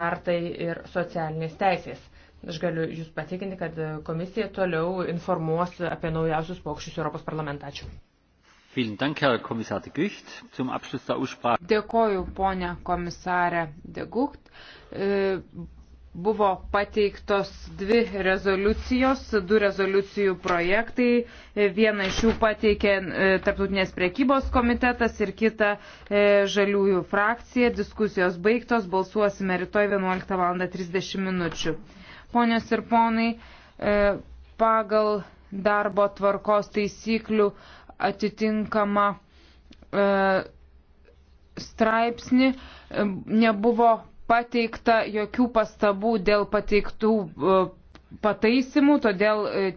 artai ir socialinės teisės. Aš galiu Jūs patikinti, kad komisija toliau informuos apie naujausius paukščius Europos parlamentačių. Dėkoju, ponė komisarė Degucht. E, Buvo pateiktos dvi rezoliucijos, du rezoliucijų projektai. Vieną iš jų pateikė e, Tarptautinės priekybos komitetas ir kitą e, žaliųjų frakcija. Diskusijos baigtos, balsuosime rytoj 11.30 minučių. Ponios ir ponai, e, pagal darbo tvarkos taisyklių atitinkamą straipsnį nebuvo pateikta jokių pastabų dėl pateiktų e, pataisimų, todėl e,